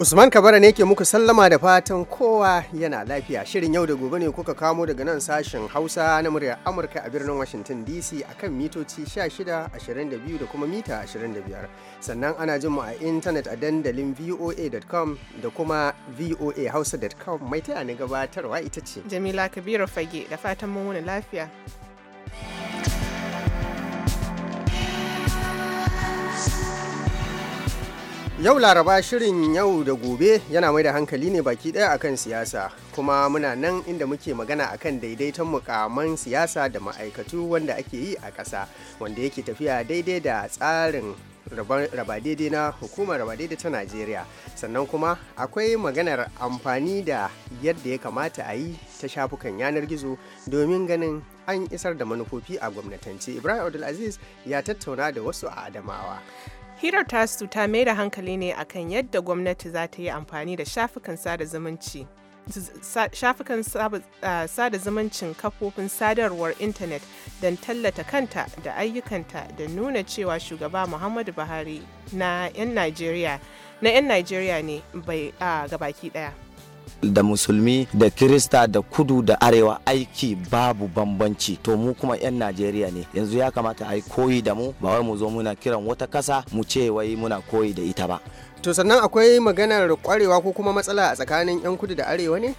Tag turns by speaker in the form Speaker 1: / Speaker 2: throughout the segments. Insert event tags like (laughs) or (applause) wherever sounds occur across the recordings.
Speaker 1: Usman Kabara ne ke muku sallama da fatan kowa yana lafiya. Shirin yau da gobe ne kuka kamo daga nan sashen Hausa na muryar Amurka a birnin Washington DC akan mitoci 16, 22 da kuma mita 25. Sannan ana jin mu a intanet a dandalin voa.com da kuma voahausa.com mai taya ni gabatarwa ita ce.
Speaker 2: Jamila Kabiru Fage da fatan mun wuni lafiya.
Speaker 1: Yau Laraba shirin yau da gobe yana mai da hankali ne baki ɗaya akan siyasa kuma muna nan inda muke magana akan daidaiton mukaman siyasa da ma'aikatu wanda ake yi a ƙasa wanda yake tafiya daidai da tsarin raba daidai na hukumar raba daidai ta Najeriya sannan kuma akwai maganar amfani da yadda ya kamata a yi ta shafukan yanar gizo domin ganin an isar da manufofi a gwamnatance Ibrahim Abdulaziz ya tattauna da wasu a Adamawa.
Speaker 2: hirar tasu ta mai da hankali ne akan yadda gwamnati za ta yi amfani da shafukan sada zumunci shafukan sada zumuncin kafofin sadarwar intanet don tallata kanta da ayyukanta da nuna cewa shugaba muhammadu buhari na 'yan najeriya ne bai ga baki daya
Speaker 3: da musulmi da kirista da kudu da arewa aiki babu bambanci to mu kuma 'yan najeriya ne yanzu ya kamata a yi koyi da mu ba wai mu zo muna kiran wata kasa mu ce wai muna koyi da ita ba to sannan akwai maganar
Speaker 1: kwarewa ko kuma matsala a tsakanin 'yan kudu da arewa ne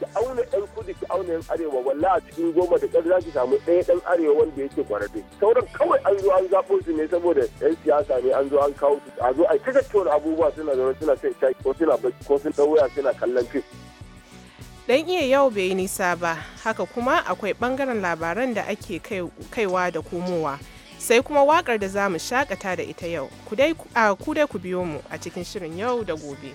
Speaker 1: da aure 'yan kudu aunayin
Speaker 4: arewa walla a cikin goma da ƙar zaki ki samu ɗaya ɗan arewa wanda yake kwararre sauran kawai an zo an zaɓo su ne saboda yan siyasa ne an zo an kawo su a zo a yi tattauna abubuwa suna zaune suna sai shayi ko suna bacci ko sun waya suna kallon fim.
Speaker 2: Dan iya yau bai nisa ba haka kuma akwai bangaren labaran da ake kaiwa da komowa. sai kuma wakar da za mu shakata da ita yau ku dai ku biyo mu a cikin shirin yau da gobe.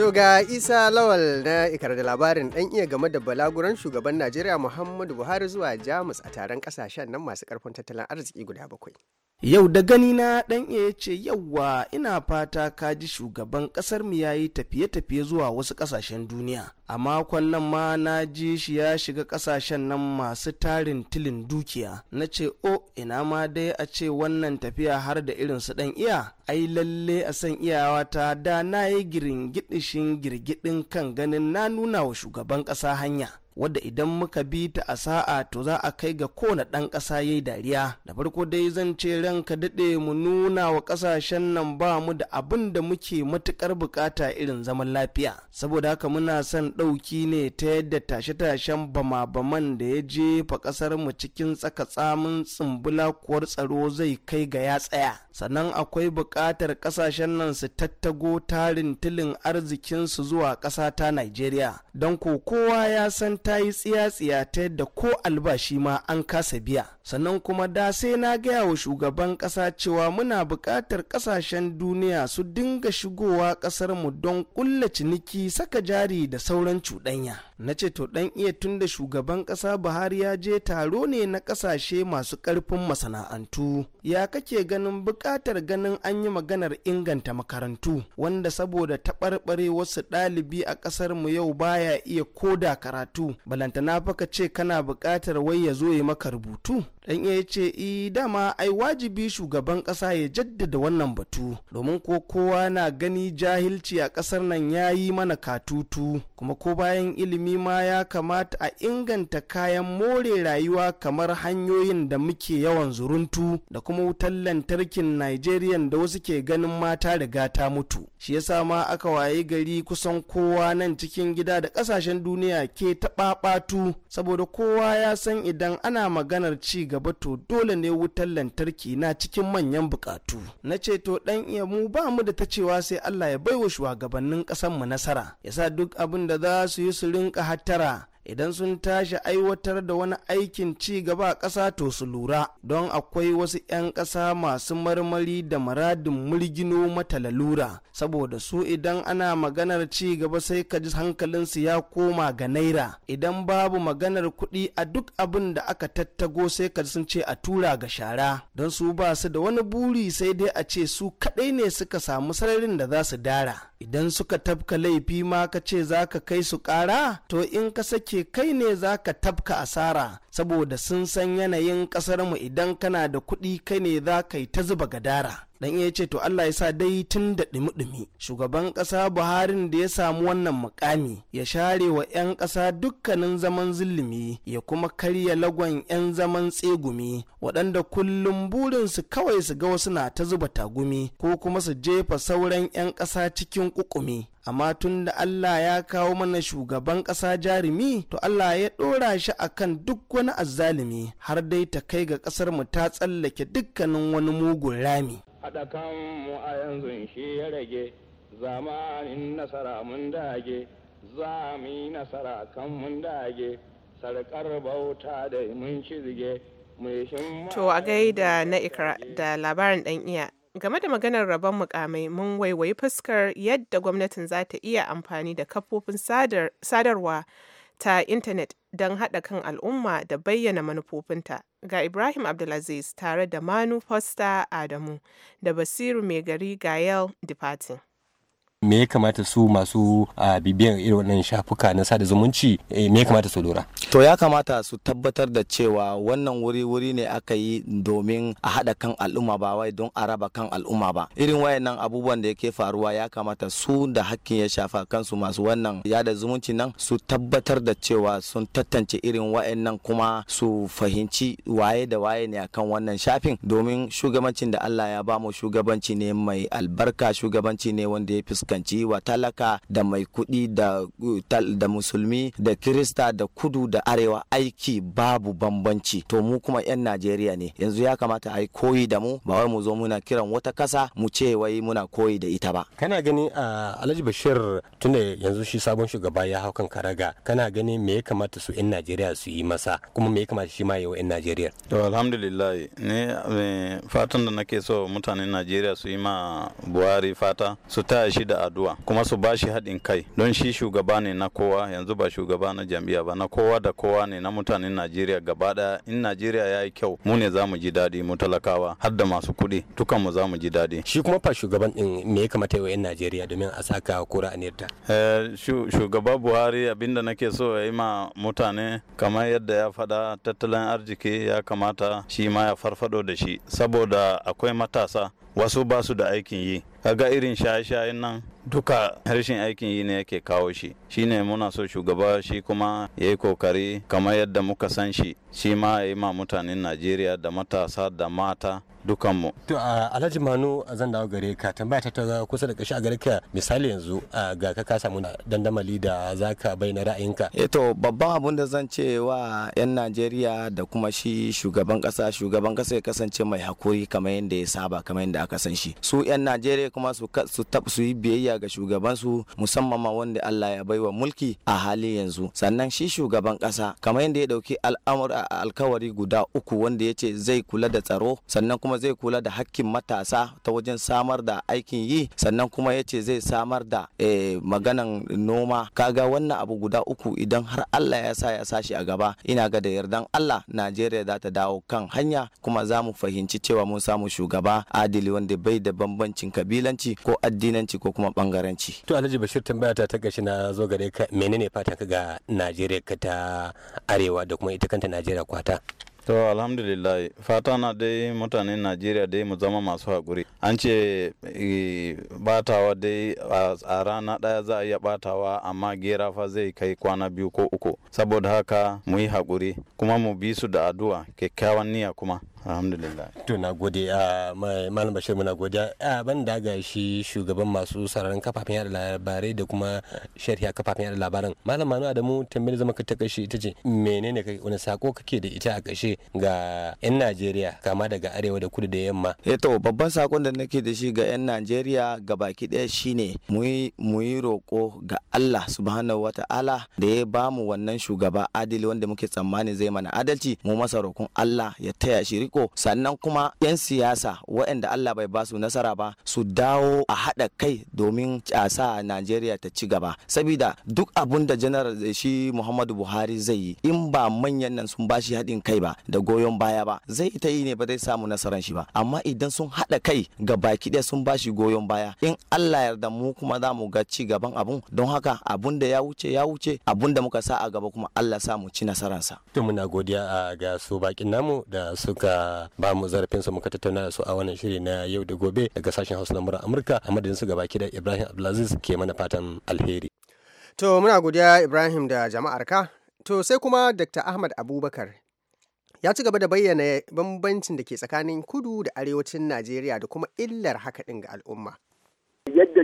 Speaker 1: To ga Isa Lawal na ikar da labarin ɗan iya game da balaguran shugaban Najeriya Muhammadu Buhari zuwa Jamus a taron ƙasashen nan masu ƙarfin tattalin arziki guda bakwai.
Speaker 5: Yau da gani na ɗan iya ce yauwa ina fata ka ji shugaban ƙasar mu yayi tafiye-tafiye zuwa wasu ƙasashen duniya. A makon nan ma na ji shi ya shiga ƙasashen nan masu tarin tilin dukiya. Na ce o oh, ina ma dai a ce wannan tafiya har da irin su ɗan iya. ai lalle a san iyawata da na yi giringidishin girgidin kan ganin na nuna wa shugaban ƙasa hanya wadda idan muka bi ta a sa'a to za a kai ga kowane ɗan ƙasa ya yi dariya da farko dai zan ce ranka daɗe mu nuna wa ƙasashen nan ba mu da abin da muke matuƙar buƙata irin zaman lafiya saboda haka muna son ɗauki ne ta yadda tashe-tashen bama-baman da ya jefa ƙasar mu cikin tsaka tsamin tsumbula kuwar tsaro zai kai ga ya tsaya sannan akwai buƙatar ƙasashen nan su tattago tarin tilin arzikinsu zuwa ƙasa ta Najeriya don ko kowa ya san ta yi tsiya-tsiya ta yadda ko albashi ma an kasa biya sannan kuma da sai na gaya wa shugaban ƙasa cewa muna buƙatar ƙasashen duniya su dinga shigowa ƙasar mu don ƙulla ciniki saka jari da sauran cuɗanya na ce to ɗan iya tun da shugaban ƙasa buhari ya je taro ne na ƙasashe masu ƙarfin masana'antu ya kake ganin buƙatar ganin an yi maganar inganta makarantu wanda saboda taɓarɓare wasu ɗalibi a ƙasar mu yau baya iya koda karatu balantana fa ka ce kana bukatar wai ya zo ya maka rubutu dan iya ce i dama ai wajibi shugaban kasa ya jaddada wannan batu domin ko kowa na gani jahilci a kasar nan ya yi mana katutu kuma ko bayan ilimi ma ya kamata a inganta kayan more rayuwa kamar hanyoyin da muke yawan zuruntu da kuma wutar lantarkin nigeria da wasu ke ganin mata riga ta mutu shi yasa ma aka waye gari kusan kowa nan cikin gida da kasashen duniya ke taɓaɓatu saboda kowa ya san idan ana maganar ci gaba gaba to dole ne wutar lantarki na cikin manyan bukatu na ce to dan iya mu ba mu da ta cewa sai Allah ya baiwa shugabannin ƙasar mu nasara sa duk abin da za su yi su rinka hattara idan sun tashi aiwatar da wani aikin ci gaba a ƙasa to su lura don akwai wasu 'yan ƙasa masu marmari da maradin mulgino mata lalura saboda su idan ana maganar ci gaba sai ka ji hankalinsu ya koma ga naira idan babu maganar kuɗi a duk abin da aka tattago sai ka sun ce a tura ga shara don su ba su da wani buri sai dai a ce su kaɗai ne suka samu sararin da za su dara idan suka tafka laifi ma ka ce za ka kai su ƙara to in ka sake kai ne za ka tafka asara saboda sun san yanayin kasar mu idan kana da kuɗi kai ne za ka yi ta zuba gadara dan iya ce to Allah ya sa dai tun da ɗumiɗumi. shugaban ƙasa Buharin da ya samu wannan mukami ya share wa 'yan ƙasa dukkanin zaman zulumi ya kuma karya lagon 'yan zaman tsegumi waɗanda kullum burinsu kawai su ga wasu na ta zuba tagumi ko kuma su jefa sauran 'yan ƙasa cikin ƙuƙumi. amma tun da Allah ya kawo mana shugaban ƙasa jarumi to Allah ya ɗora shi akan duk wani azzalumi har dai ta kai ga ƙasar mu ta tsallake dukkanin wani mugun rami.
Speaker 4: Haɗa kanmu a yanzu shi ya rage
Speaker 5: zamanin nasara mun dage za mu nasara kan mun dage sarƙar bauta da mun cizge To a
Speaker 2: gaida na ikra da labarin ɗan iya game da maganar rabon mukamai mun waiwayi fuskar yadda gwamnatin za ta iya amfani da kafofin sadarwa ta intanet don haɗa kan al'umma da bayyana manufofinta ga ibrahim abdulaziz tare da manu foster adamu da basiru mai gari departing
Speaker 6: me ya kamata su masu bibiyan irin wannan shafuka na sada zumunci eh, me ya kamata su lura
Speaker 3: to ya kamata su tabbatar da cewa wannan wuri wuri ne aka yi domin a haɗa kan al'umma ba wai don a raba kan al'umma ba irin wayannan abubuwan da yake faruwa ya kamata su da hakkin ya shafa kansu masu wannan yada zumunci nan su tabbatar da cewa sun tantance irin wayannan kuma su fahimci waye da waye ne akan wannan shafin domin shugabancin da Allah ya bamu shugabanci ne mai albarka shugabanci ne wanda ya fi fuskanci wa talaka da mai kuɗi da musulmi da kirista da kudu da arewa aiki babu bambanci to mu kuma 'yan najeriya ne yanzu ya kamata a yi koyi da mu ba wai mu zo muna kiran wata kasa mu ce wai muna koyi da ita ba
Speaker 6: kana gani a alhaji bashir tunda yanzu shi sabon shugaba ya hau kan karaga kana gani me ya kamata su 'yan najeriya su yi masa
Speaker 7: kuma me ya kamata shi ma ya 'yan najeriya to alhamdulillah ne eh, fatan da nake so mutanen najeriya su yi ma buhari fata su taya shi da addu'a kuma su ba shi haɗin kai don shi shugaba ne na kowa yanzu ba shugaba na jamia ba na kowa da kowa ne na mutanen Najeriya gaba ɗaya in Najeriya ya yi kyau mu ne za mu ji daɗi mu talakawa har da masu kuɗi dukan mu za mu ji daɗi. Shi kuma fa shugaban ɗin me ya kamata yi wa 'yan Najeriya
Speaker 6: domin a saka kura a
Speaker 7: eh, Shugaba Buhari abinda nake so ya yi ma mutane kamar yadda ya faɗa tattalin arziki ya kamata shi ma ya farfado da shi saboda akwai matasa wasu ba su da aikin yi kaga irin shaye-shayen nan duka harshen aikin yi ne yake kawo shi shine muna so shugaba shi kuma ya yi kokari kamar yadda muka san shi shi ma ya yi ma mutanen najeriya da matasa da mata dukanmu.
Speaker 6: To Alhaji Manu zan dawo gare ka tambaya ta kusa da kashi a gare ka misali yanzu ga ka ka samu dandamali da zaka ka bayyana ra'ayinka. E to babban
Speaker 3: abun da zan ce wa 'yan Najeriya da kuma shi shugaban kasa shugaban kasa ya kasance mai hakuri kamar yadda ya saba kamar yadda aka san shi. Su 'yan Najeriya kuma su su yi biyayya ga shugaban su musamman ma wanda Allah ya baiwa mulki a hali yanzu. Sannan shi shugaban kasa kamar yadda ya dauki al'amur alkawari guda uku wanda ya ce zai kula da tsaro sannan kuma kuma zai kula da hakkin matasa ta wajen samar da aikin yi sannan kuma ya ce zai samar da eh, maganan noma kaga wannan abu guda uku idan har Allah ya sa ya sashi a gaba ina ga da yardan Allah Najeriya za ta dawo kan hanya kuma za mu fahimci cewa mun samu shugaba adili wanda bai da bambancin kabilanci ko addinanci ko kuma
Speaker 6: bangaranci. To Alhaji Bashir tambaya ta ta gashi na zo gare ka menene fatan ka ga Najeriya ka ta arewa da kuma ita kanta Najeriya kwata.
Speaker 7: To alhamdulillah fata na dai mutanen Najeriya dai mu zama masu haƙuri. An ce e, batawa dai a rana ɗaya za a iya batawa amma gera fa zai kai kwana biyu ko uku. Saboda haka mu yi haƙuri kuma mu bi su da addu'a kyakkyawan niyya kuma. alhamdulillah to na gode a malam bashir muna godiya a ban da ga shi shugaban masu sararin
Speaker 6: kafafen yada labarai da kuma sharhiya kafafen yada labaran malam manu adamu tambayar zama ka ta kashe ita ce menene kai wani sako kake da ita a kashe ga 'yan najeriya kama daga arewa da kudu da yamma eto eh babban sakon da nake da shi ga 'yan najeriya
Speaker 3: ga baki ɗaya shine mu yi roƙo ga allah subhanahu wata'ala da ya ba mu wannan shugaba adili wanda muke tsammanin zai mana adalci mu masa roƙon allah ya taya shi riko sannan kuma 'yan siyasa waɗanda allah bai basu nasara ba su dawo a haɗa kai domin a sa najeriya ta ci gaba sabida duk abun da janar shi muhammadu buhari zai yi in ba manyan nan sun bashi haɗin kai ba da goyon baya ba zai ta yi ne ba zai samu nasarar shi ba amma idan sun haɗa kai ga baki ɗaya sun ba shi goyon baya in Allah yarda mu kuma za mu ga ci gaban abun don haka abun da ya wuce ya wuce abun da muka sa a gaba kuma Allah
Speaker 6: sa mu ci nasararsa. To muna godiya ga su bakin namu da suka ba mu zarafin su muka tattauna da su a wannan shiri na yau da gobe daga sashen Hausa na Amurka a madadin su gaba da Ibrahim Abdulaziz ke mana fatan alheri.
Speaker 1: To muna godiya Ibrahim da jama'arka. To sai kuma Dr. Ahmad Abubakar ya ci gaba da bayyana bambancin da ke tsakanin kudu da arewacin najeriya da kuma illar haka ɗin ga al'umma
Speaker 4: yadda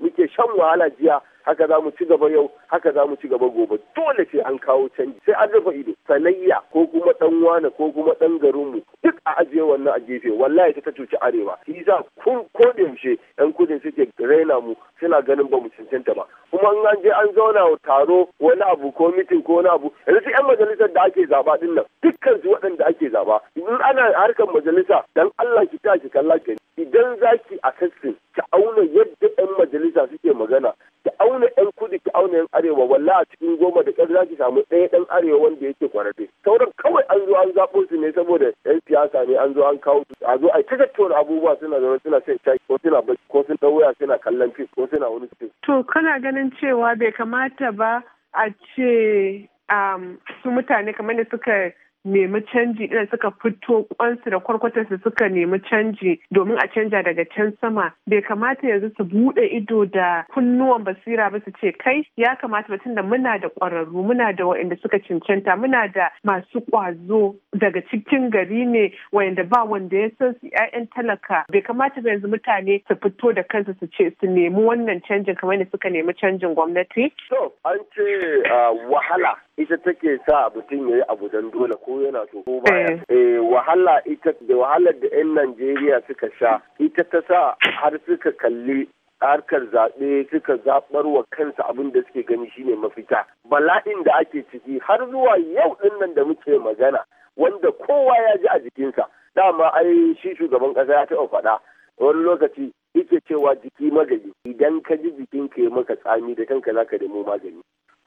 Speaker 4: muke shan wahala jiya haka za mu ci gaba yau haka za mu ci gaba gobe dole sai an kawo canji sai an rufe ido sanayya ko kuma dan wane ko kuma dan garinmu duk a ajiye wannan a gefe wallahi ta cuci arewa shi za ko da yaushe yan kudin suke raina mu suna ganin ba mu cancanta ba kuma in an je an zauna taro wani abu ko mitin ko wani abu yanzu yan majalisar da ake zaba din nan dukkan su waɗanda ake zaba in ana harkar majalisa dan Allah ki ta ki kalla idan zaki a kaskin ki auna yadda yan majalisa suke magana ki auna auna yan kudu ki auna yan arewa walla a cikin goma da ƙasa za ki samu ɗaya ɗan arewa wanda yake kwararre sauran kawai an zo an zaɓo su ne saboda yan siyasa ne an zo an kawo su a zo a ta tattauna abubuwa suna zaune suna shan shayi ko suna bacci ko sun ɗau waya suna kallon fim ko suna wani fim.
Speaker 2: to kana ganin cewa bai kamata ba a ce um, su mutane kamar da suka nemi canji irin suka fito kwansu da kwarkwatar kwarkwatarsu suka nemi canji domin a canja daga can sama bai kamata yanzu su bude ido da kunnuwan basira ba su ce kai ya kamata ba tunda muna da kwararru muna da waɗanda suka cancanta muna da masu ƙwazo daga cikin gari ne waɗanda ba wanda ya san su 'ya'yan talaka bai kamata ba yanzu mutane su fito da kansu su ce su nemi wannan canjin kamar da suka nemi canjin gwamnati. to
Speaker 4: an ce ah, wahala ita take sa mutum ya yi abu don dole ko yana so ko baya. Eh. Eh, wahala ita da wahalar da 'yan Najeriya suka sha ita ta sa har suka kalli harkar zaɓe suka zaɓar wa kansa abin da suke gani shine mafita bala'in da ake ciki har zuwa yau ɗin nan da muke magana wanda kowa ya ji a jikinsa dama ai shi shugaban ƙasa ya taɓa faɗa wani lokaci ita cewa jiki magani idan ka ji jikin ka yi maka tsami da kanka zaka nemo magani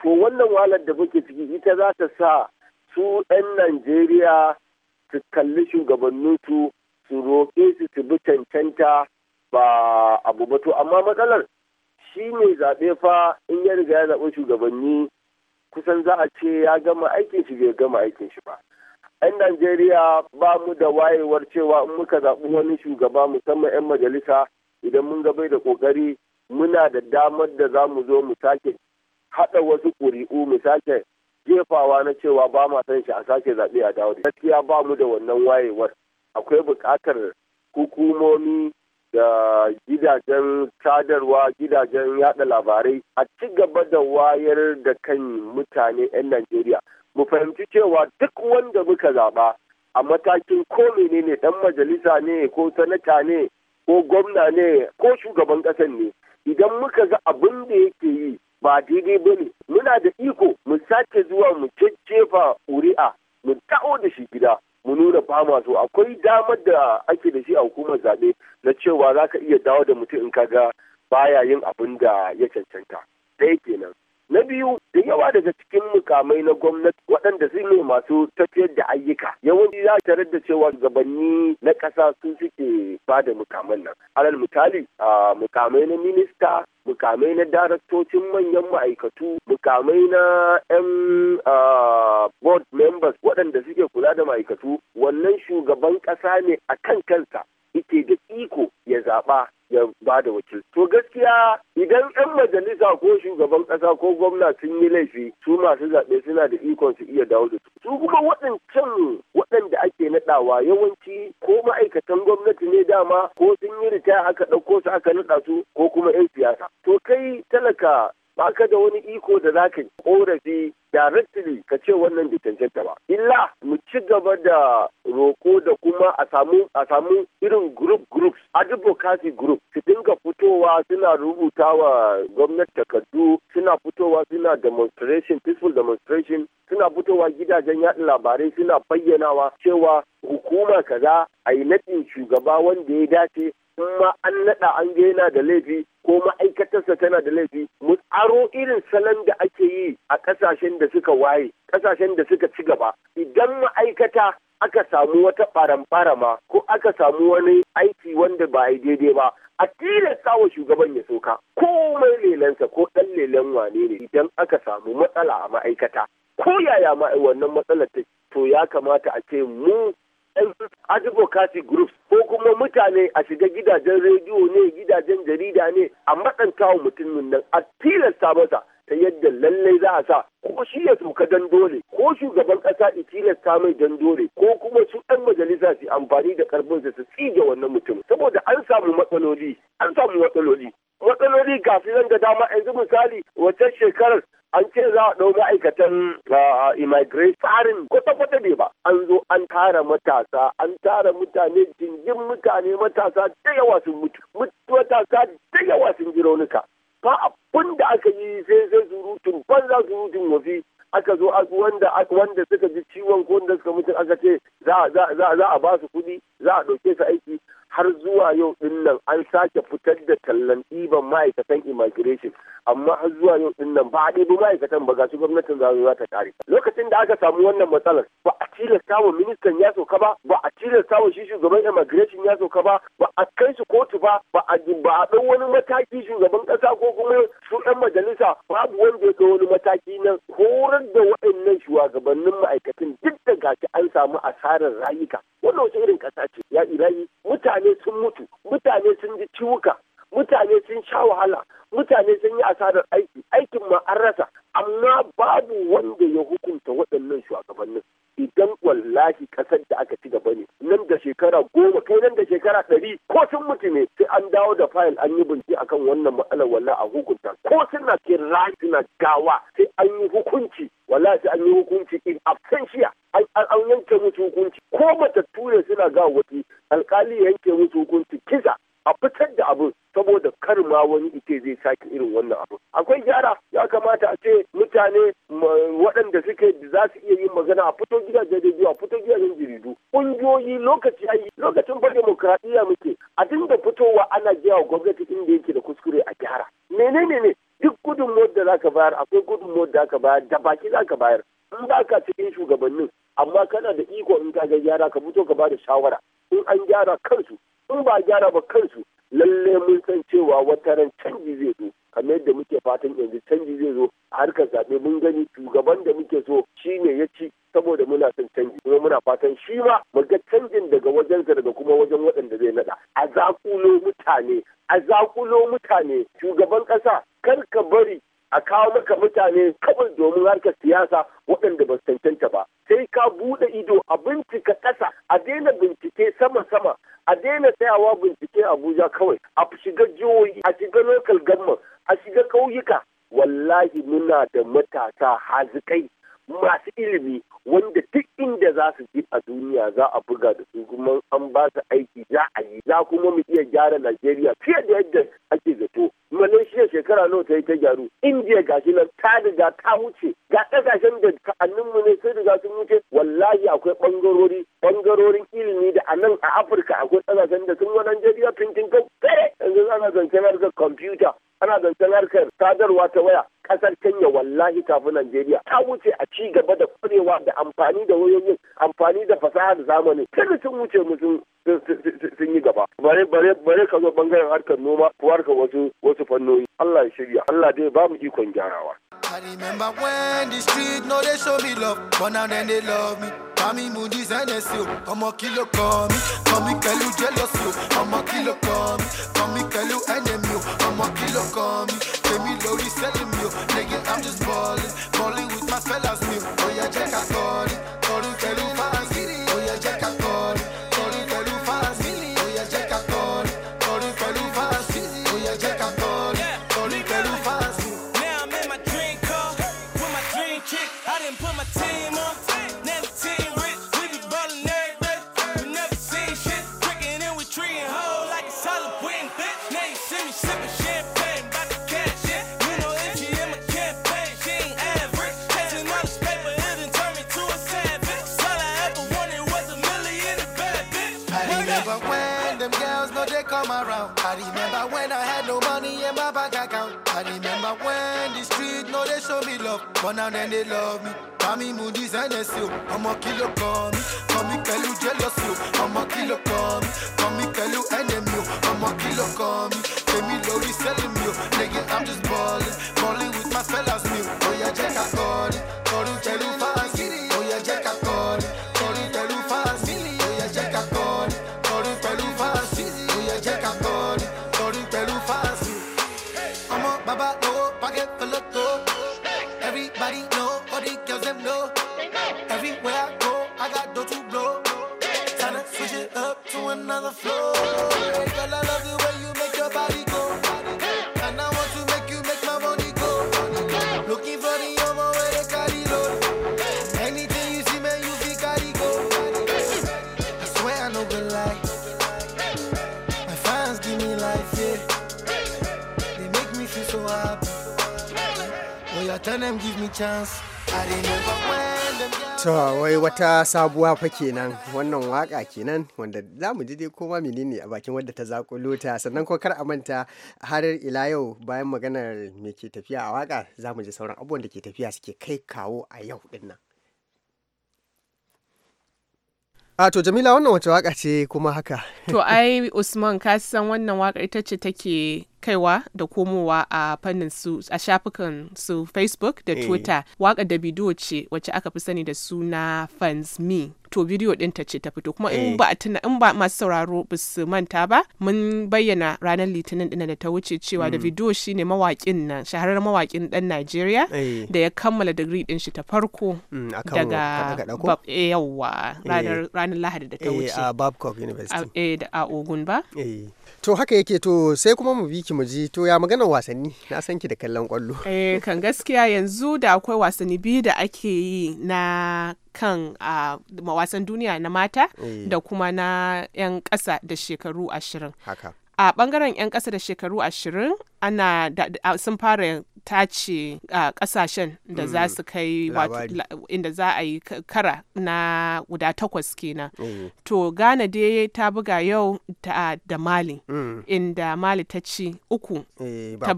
Speaker 4: to wannan wahalar da muke ciki ita za ta sa su 'yan najeriya su kalli shugabanninsu su roƙe su su bi cancanta ba abu ba to amma matsalar shi ne zaɓe fa in ya riga ya zaɓi shugabanni kusan za a ce ya gama aikin shi bai gama aikin shi ba 'yan najeriya ba mu da wayewar cewa in muka zaɓi wani shugaba musamman 'yan majalisa idan mun ga bai da ƙoƙari muna da damar da za mu zo mu sake haɗa wasu ƙuri'u mu sake jefawa na cewa ba ma san shi a sake zaɓe a dawo gaskiya ba mu da wannan wayewar akwai buƙatar hukumomi da gidajen sadarwa gidajen yaɗa labarai a ci gaba da wayar da kan mutane 'yan najeriya mu fahimci cewa duk wanda muka zaɓa a matakin ko menene ɗan majalisa ne ko sanata ne ko gwamna ne ko shugaban ƙasar ne idan muka ga abin da yake yi ba daidai ba ne muna da iko mu sake zuwa mu jajjefa ƙuri'a mu dawo da shi gida mu nuna ba so akwai damar da ake da shi a hukumar zaɓe na cewa za ka iya dawo da mutum in kaga baya yin abin da ya cancanta ɗaya kenan Na biyu da yawa daga cikin mukamai na gwamnati waɗanda su ne masu tafiyar da ayyuka. Yawanci za ta da cewa gabanni na ƙasa su suke ba da mukaman nan. Alal misali mukamai na minista mukamai na daraktocin manyan ma'aikatu mukamai na 'yan board members waɗanda suke kula da ma'aikatu wannan shugaban ƙasa ne a kan kansa yake da iko ya zaɓa ya ba da wakil. To gaskiya idan 'yan majalisa ko shugaban ƙasa ko gwamna sun yi laifi su masu zaɓe suna da ikon su iya dawo da su. Su kuma waɗancan waɗanda ake naɗawa yawanci ko ma'aikatan gwamnati ne dama ko sun yi ritaya aka ɗauko su aka naɗa su ko kuma 'yan siyasa. To kai talaka ba ka da wani iko da za ka korafi directly ka ce wannan bai cancanta ba illa mu ci gaba da roko da kuma a samu irin group groups advocacy group su dinga fitowa suna rubuta wa gwamnati takardu suna fitowa suna demonstration peaceful demonstration suna fitowa gidajen yaɗa labarai suna bayyanawa cewa hukuma kaza a yi naɗin shugaba wanda ya dace ma an naɗa an yana da laifi ko ma'aikatarsa tana da laifi mu tsaro irin salon da ake yi a ƙasashen da suka waye ƙasashen da suka ci gaba idan ma'aikata aka samu wata ɓaramɓarama ko aka samu wani aiki wanda ba a daidai ba a tilasta wa shugaban ya soka komai lelensa ko ɗan lelen wane ne idan aka samu matsala a ma'aikata ko yaya ma wannan matsalar ta to ya kamata a ce mu advocacy groups ko kuma mutane a shiga gidajen rediyo ne gidajen jarida ne a matsanta mutumin nan a tilasta masa ta yadda lallai za a sa ko shi ya soka dan dole ko shugaban kasa ya tilasta mai dan dole ko kuma su ɗan majalisa su amfani da karfin su tsige wannan mutum saboda an samu matsaloli an samu matsaloli matsaloli kafin nan da dama yanzu misali wata shekarar an ce za a ɗau ma'aikatan immigration tsarin ko tabbata ne ba an zo an tara matasa an tara mutane jingin mutane matasa da yawa sun mutu matasa da yawa sun ji raunuka ba abin da aka yi sai sai surutun banza surutun wafi aka zo wanda wanda suka ji ciwon ko wanda suka mutu aka ce za a ba su kuɗi za a ɗauke su aiki har zuwa yau ɗin nan an sake fitar da tallan ɗiban ma'aikatan immigration amma har zuwa yau din nan ba a ɗebo ma'aikatan ba ga su gwamnatin zazo za ta kare lokacin da aka samu wannan matsalar ba a tilasta wa ministan ya sauka ba ba a tilasta wa shi shugaban immigration ya sauka ba ba a kai su kotu ba ba a ba a ɗau wani mataki shugaban ƙasa ko kuma su ɗan majalisa babu wanda ya kai wani mataki na horar da waɗannan shugabannin ma'aikatan duk da gashi an samu asarar rayuka wannan wace irin ƙasa ce ya mutane sun mutu mutane sun ji ciwuka mutane sun sha wahala mutane sun yi asarar aiki aikin ma an rasa amma babu wanda ya hukunta waɗannan shugabannin idan wallahi kasar da aka ci gaba ne nan da shekara goma kai nan da shekara ɗari ko sun mutu ne sai an dawo da fayil an yi bincike akan wannan matsalar walla a hukunta ko suna kira suna gawa sai an yi hukunci walla sai an yi hukunci in absentia an yanke musu hukunci ko matattu ne suna gawa wasu alkali yanke musu hukunci kisa a fitar da abin kar ma wani ite zai sake irin wannan abu akwai gyara ya kamata a ce mutane waɗanda suke za su iya yin magana a fito gidajen rediyo a fito gidajen jaridu ƙungiyoyi lokaci yi. lokacin ba demokradiyya muke a dinga fitowa ana jiya gwamnati inda yake da kuskure a gyara Mene ne duk gudunmuwar da zaka bayar akwai gudunmuwar da zaka bayar da baki zaka bayar in ba ka cikin shugabannin amma kana da iko in ka ga gyara ka fito ka ba da shawara in an gyara kansu in ba gyara ba kansu lalle mun san cewa wata ran canji zai zo kamar yadda muke fatan yanzu canji zai zo a harkar zaɓe mun gani shugaban da muke so shi ne ya ci saboda muna son canji kuma muna fatan shi ma mu ga canjin daga wajensa daga kuma wajen waɗanda zai naɗa a zaƙulo mutane a zakulo mutane shugaban ƙasa kar ka bari a kawo maka mutane kawai domin harka siyasa waɗanda ba su cancanta ba sai ka buɗe ido a bincika ƙasa a daina bincike sama-sama a daina tsayawa bincike abuja kawai a shiga jihohi a shiga local government a shiga ƙauyuka wallahi muna da matasa hazikai masu ilimi wanda duk inda za su je a duniya za a buga da su kuma an ba su aiki za a yi za kuma mu iya gyara Najeriya fiye da yadda ake zato Malaysia shekara nawa ta yi ta gyaru India shi nan ta riga ta wuce ga kasashen da ka'anninmu ne sai riga sun wuce wallahi akwai bangarori bangarorin ilimi da a nan a Afirka akwai kasashen da sun wa Najeriya fintin kan yanzu zance na harkar kwamfuta ana zancen harkar sadarwa ta waya kasar Kenya wallahi kafin Najeriya ta wuce a ci gaba da kwarewa da amfani da wayoyin amfani da fasaha da zamani kada sun wuce mu sun yi gaba bare bare bare ka zo bangaren harkar noma ko harkar wasu wasu fannoni Allah ya shirya Allah dai ba mu ikon gyarawa
Speaker 8: I remember when the street no they show me love but now then they love me Mami Moody's NSC o, ọmọ kí ló kọ́ mi? Kọ́ mi pẹ̀lú jealousy enemy. I'm a killer, call me. Tell me, Lodi, selling me. come around. I remember when I had no money in my bank account. I remember when the street know they show me love, but now then they love me. Mami Moody's and SEO, oh. ọmọ kìlọ̀ me mi, you jealous you, I'm a kìlọ̀ kan mi, me mi you, enemy am a kìlọ̀ kan mi, oh. èmi lórí sẹ́lẹ̀ selling you, oh. nigga I'm just ballin', ballin' with my fellas mi Oh yeah, jẹ́ ká call you, jẹ́rú you,
Speaker 1: To wai wata sabuwa fa kenan wannan waka kenan wanda za mu ji dai koma menene a bakin wadda ta zakulo ta sannan ko kar a manta har ila yau bayan maganar me ke tafiya a waka za mu ji sauran abubuwan da ke tafiya suke kai kawo a yau dinnan A to Jamila wannan wace waka ce kuma haka.
Speaker 2: To ai Usman ka san wannan waka ita ce take kaiwa da komowa a fannin su a shafukan su facebook da eh. twitter waka da bidiyo ce wacce aka fi sani da suna fans me to bidiyo din ta ce ta fito kuma in eh. ba tuna in ba masu sauraro ba su manta ba mun bayyana ranar litinin din da ta wuce cewa mm. da bidiyo shine mawakin nan shahararren mawakin dan Najeriya eh. da ya kammala digiri din shi ta farko
Speaker 1: mm, daga
Speaker 2: yawa ranar ranar Lahadi da ta wuce a
Speaker 1: Babcock University
Speaker 2: a Ogun ba
Speaker 1: to haka yake to sai kuma mu bi ki mu ji to ya magana wasanni na san ki da kallon kwallo
Speaker 2: eh kan gaskiya yanzu da akwai wasanni biyu da ake yi na kan uh, wasan duniya na mata eh. da kuma na 'yan ƙasa da shekaru ashirin a bangaren 'yan ƙasa da shekaru ashirin ana sun fara tace kasashen da za mm. su kai inda za a yi kara na guda takwas kenan mm. to ghana dai ta buga yau da mali mm. inda mali ta ci uku eh, ta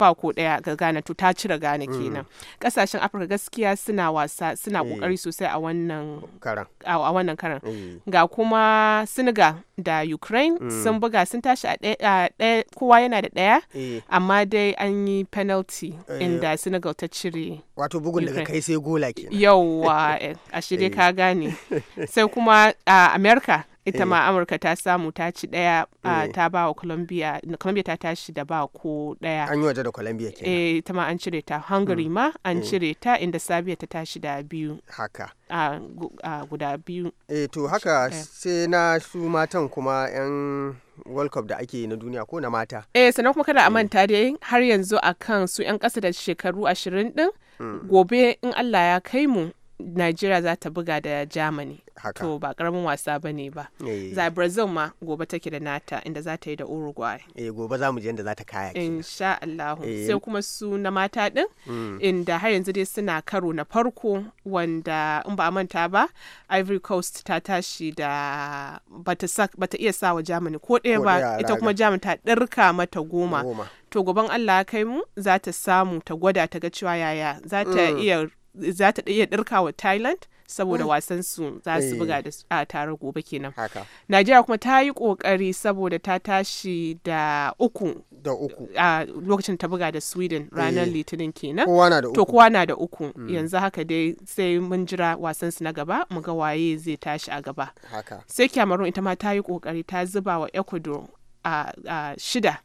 Speaker 2: ba ko daya ga ghana to ta cire ghana kenan kasashen afirka gaskiya suna wasa suna kokari eh. sosai a wannan karan ga kuma senegal da ukraine sun buga sun tashi a ɗaya kowa yana da ɗaya eh. amma dai an yi penalty eh. inda senegal ta cire wato bugun daga kai
Speaker 1: sai gola kenan.
Speaker 2: yauwa eh, a shirye (laughs) eh. ka gane (laughs) sai kuma a ah, america ita eh. ma amurka ta samu ta ci daya eh. ta ba wa colombia colombia ta tashi da ba ko daya an yi waje da
Speaker 1: colombia kenan eh
Speaker 2: ita ma an cire ta hungary mm. ma an mm. cire ta inda serbia ta tashi da biyu haka a guda biyu eh to haka
Speaker 1: sai na su matan kuma yan World Cup da ake na duniya ko na mata.
Speaker 2: Eh sannan kuma kada a eh. manta dai har yanzu akan su 'yan ƙasa da shekaru ashirin din mm. gobe in Allah ya kai mu Najeriya za ta buga da Germany. To ba karamin wasa ba ne ba. Eh. Za Brazil ma gobe take da nata inda za ta yi da Uruguay. Eh gobe za mu je inda za ta kaya. Insha Allah. Eh. Sai kuma su na mata din mm. inda har yanzu dai suna karo na farko wanda in ba manta ba Ivory Coast ta tashi da bata bata iya sawa Germany ko ɗaya ba ita kuma Germany ta ɗirka mata goma. To gaban Allah kai mu za ta samu ta gwada ta ga cewa yaya za ta mm. iya za ta iya ɗirka wa Thailand saboda mm. wasan su za su buga eh. da a tare gobe kenan. Najeriya kuma ta yi kokari saboda ta tashi da uku. Da uku. A lokacin ta buga da Sweden ranar eh. Litinin kenan. Kowa na da uku. To kowa na da uku. Mm. Yanzu haka dai sai mun jira wasan su na gaba mu ga waye zai tashi a gaba. Haka. Sai Cameroon ita ma ta yi kokari ta zuba wa Ecuador a shida.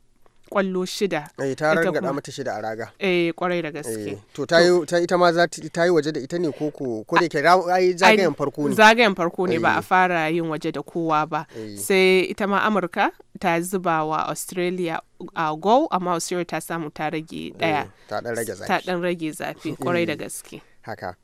Speaker 2: kwallo shida. Eh ta rangada mata shida a raga. Eh kwarai da gaske. Eh, to
Speaker 1: ta yi ta ita ma za ta yi waje da ita ne koko ko da ke ai zagayen farko ne. Zagayen
Speaker 2: farko ne ba a eh. fara yin waje da kowa ba. Eh. Sai ita ma Amurka ta zuba wa Australia a go amma Australia ta samu ta rage daya. Ta dan rage zafi. Ta dan rage zafi (laughs) kwarai da gaske. Haka.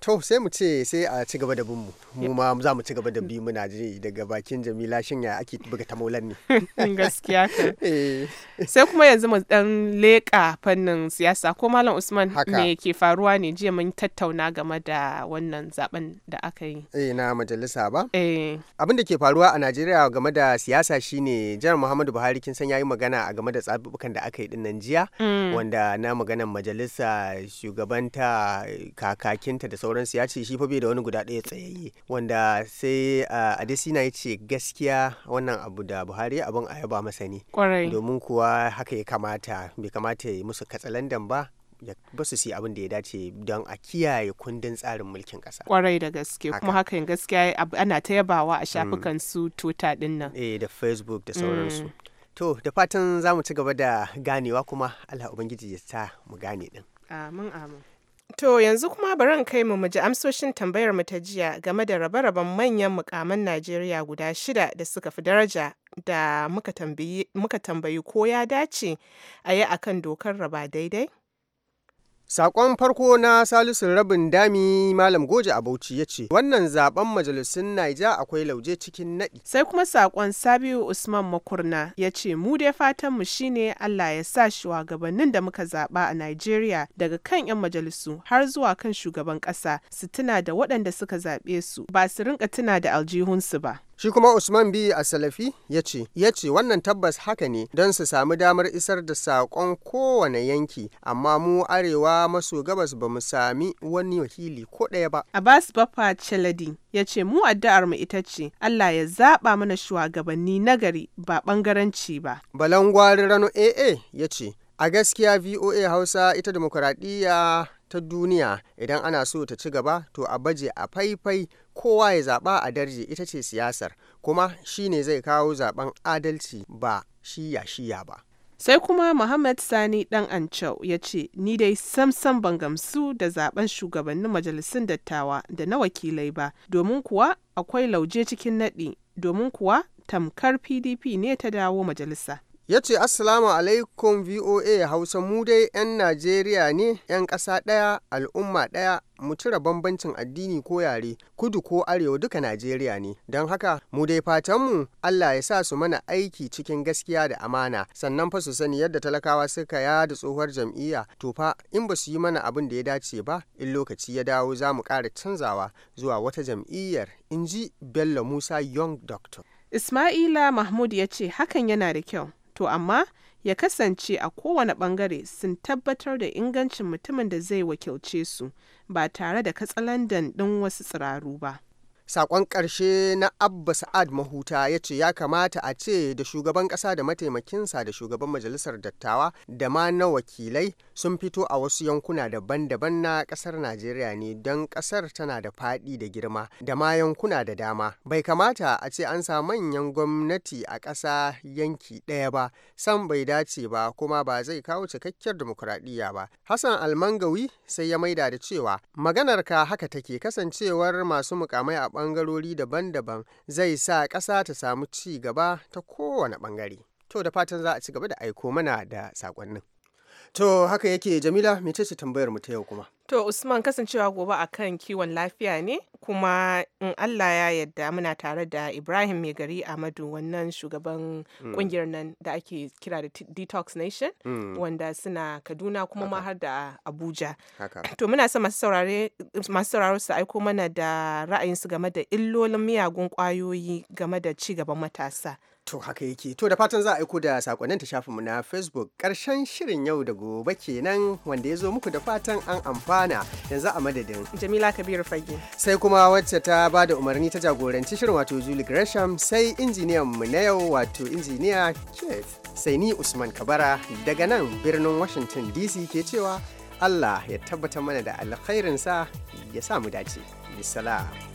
Speaker 2: to sai mu ce
Speaker 1: sai a ci gaba da bin mu mu ma za mu ci gaba da bi muna je daga bakin jamila shin ya ake buga ta maulan ne
Speaker 2: (laughs) gaskiya (laughs) eh. sai kuma yanzu mu dan leka fannin siyasa ko malam usman me ke faruwa ne jiya mun tattauna game da wannan zaben da aka yi
Speaker 1: eh na majalisa ba eh abin da ke faruwa a Najeriya game da siyasa shine jihar Muhammadu Buhari kin san yayi magana a game da tsabubukan da aka yi dinnan jiya mm. wanda na maganan majalisa shugabanta kakakinta da sauransu ya ce shi fa bai da wani guda ɗaya tsayayye wanda sai adesina ya ce gaskiya wannan abu da buhari abin a yaba masa ne domin kuwa haka ya kamata bai kamata ya musu katsalandan ba ya basu su abin da ya dace don a kiyaye kundin tsarin mulkin kasa. Kwarai da gaske kuma
Speaker 2: hakan gaskiya ana ta yabawa a mm. shafukan su tuta din nan. Eh da
Speaker 1: Facebook da sauransu. Mm. To da fatan za mu ci gaba da ganewa kuma Allah Ubangiji ya sa mu gane din.
Speaker 2: Amin amin. To yanzu kuma bari in kai mu mu ji amsoshin tambayar mu ta jiya game da rabe-raben manyan mukaman Najeriya guda shida da suka fi daraja da muka tambayi ko ya dace a yi akan dokar raba daidai.
Speaker 1: Sakon farko na Salisu Rabin Dami Malam Goje a
Speaker 2: Bauchi ya ce, Wannan zaben majalisun Naija akwai lauje cikin naɗi. Sai kuma sakon Sabiu Usman Makurna ya ce, Mu dai fatan mu shine Allah ya sa shugabannin da muka zaɓa a nigeria daga kan 'yan majalisu har zuwa kan shugaban ƙasa su tuna da waɗanda suka zaɓe su ba su rinka tuna da aljihunsu ba.
Speaker 1: Shi kuma Usman biyu a Salafi ya ce, ya ce wannan tabbas haka ne don su sami damar isar da saƙon kowane yanki, amma mu arewa maso gabas ba mu sami wani wakili
Speaker 2: ko ɗaya ba. Abbas Baffa Chaladi ya ce mu addu'ar mu ita ce Allah ya zaɓa mana shugabanni nagari ba ɓangaranci ba.
Speaker 1: Balangwari Rano AA ya ce, a gaskiya VOA Hausa ita demokuraɗiyya ta duniya idan ana so ta ci gaba to a baje a faifai kowa ya zaɓa a darje ita ce siyasar kuma shi ne zai kawo zaɓen
Speaker 2: adalci ba shiya-shiya ba. Sai kuma Muhammad Sani dan Ancau ya ce, Ni dai samsam ban gamsu da zaben shugabannin majalisun dattawa da na wakilai ba, domin kuwa akwai lauje cikin naɗi, domin kuwa tamkar PDP ne ta dawo majalisa.
Speaker 1: ya ce assalamu alaikum voa hausa mu dai 'yan najeriya ne 'yan ƙasa ɗaya al'umma ɗaya mu cire bambancin addini ko yare kudu ko arewa duka najeriya ne don haka mu dai fatanmu allah ya sa su mana aiki cikin gaskiya da amana sannan fa su sani yadda talakawa suka ya da tsohuwar jam'iyya to fa in ba su yi mana abin da ya dace ba in lokaci ya dawo za mu ƙara canzawa zuwa wata jam'iyyar in ji bello musa young doctor
Speaker 2: ismaila mahmud ya ce hakan yana da kyau to amma ya kasance a kowane bangare sun tabbatar da ingancin mutumin da zai wakilce su ba tare da katsalandan ɗin wasu tsiraru ba. Sakon ƙarshe na Abba Sa'ad Mahuta ya ce ya kamata a
Speaker 1: ce da shugaban ƙasa da mataimakinsa da shugaban majalisar dattawa da ma na wakilai sun fito a wasu yankuna daban-daban na ƙasar Najeriya ne don ƙasar tana da faɗi da girma da ma yankuna da dama. Bai kamata a ce an sa manyan gwamnati a ƙasa yanki ɗaya ba, san bai dace ba kuma ba zai kawo cikakkiyar dimokuraɗiyya ba. Hassan Almangawi sai ya maida da cewa maganar ka haka take kasancewar masu mukamai a ɓangarori daban-daban zai sa ƙasa ta samu ci gaba ta kowane ɓangare. To da fatan za a ci gaba da aiko mana da saƙonnin. To haka yake Jamila mecece tambayar mu ta yau kuma.
Speaker 2: To Usman kasancewa gobe a kan kiwon lafiya ne kuma in Allah ya yadda muna tare da Ibrahim mai gari Amadu wannan shugaban kungiyar mm. nan da ake kira da Detox Nation mm. wanda suna Kaduna kuma ma har da Abuja. To muna son masu saurare su aiko mana da ra'ayinsu game da illolin miyagun kwayoyi game da ci gaban matasa. To
Speaker 1: haka yake. To da fatan za a aiko da sakonnin ta shafinmu na Facebook karshen shirin yau da gobe kenan wanda ya zo muku da fatan an amfana yanzu a madadin. Jamila Kabiru Fage. Sai kuma wacce ta ba da umarni ta jagoranci shirin wato Julie Gresham sai injiniyan mu na yau wato injiniya Keith. Sai ni Usman Kabara daga nan birnin Washington DC ke cewa Allah ya tabbatar mana da alkhairinsa ya samu dace. Bisalam.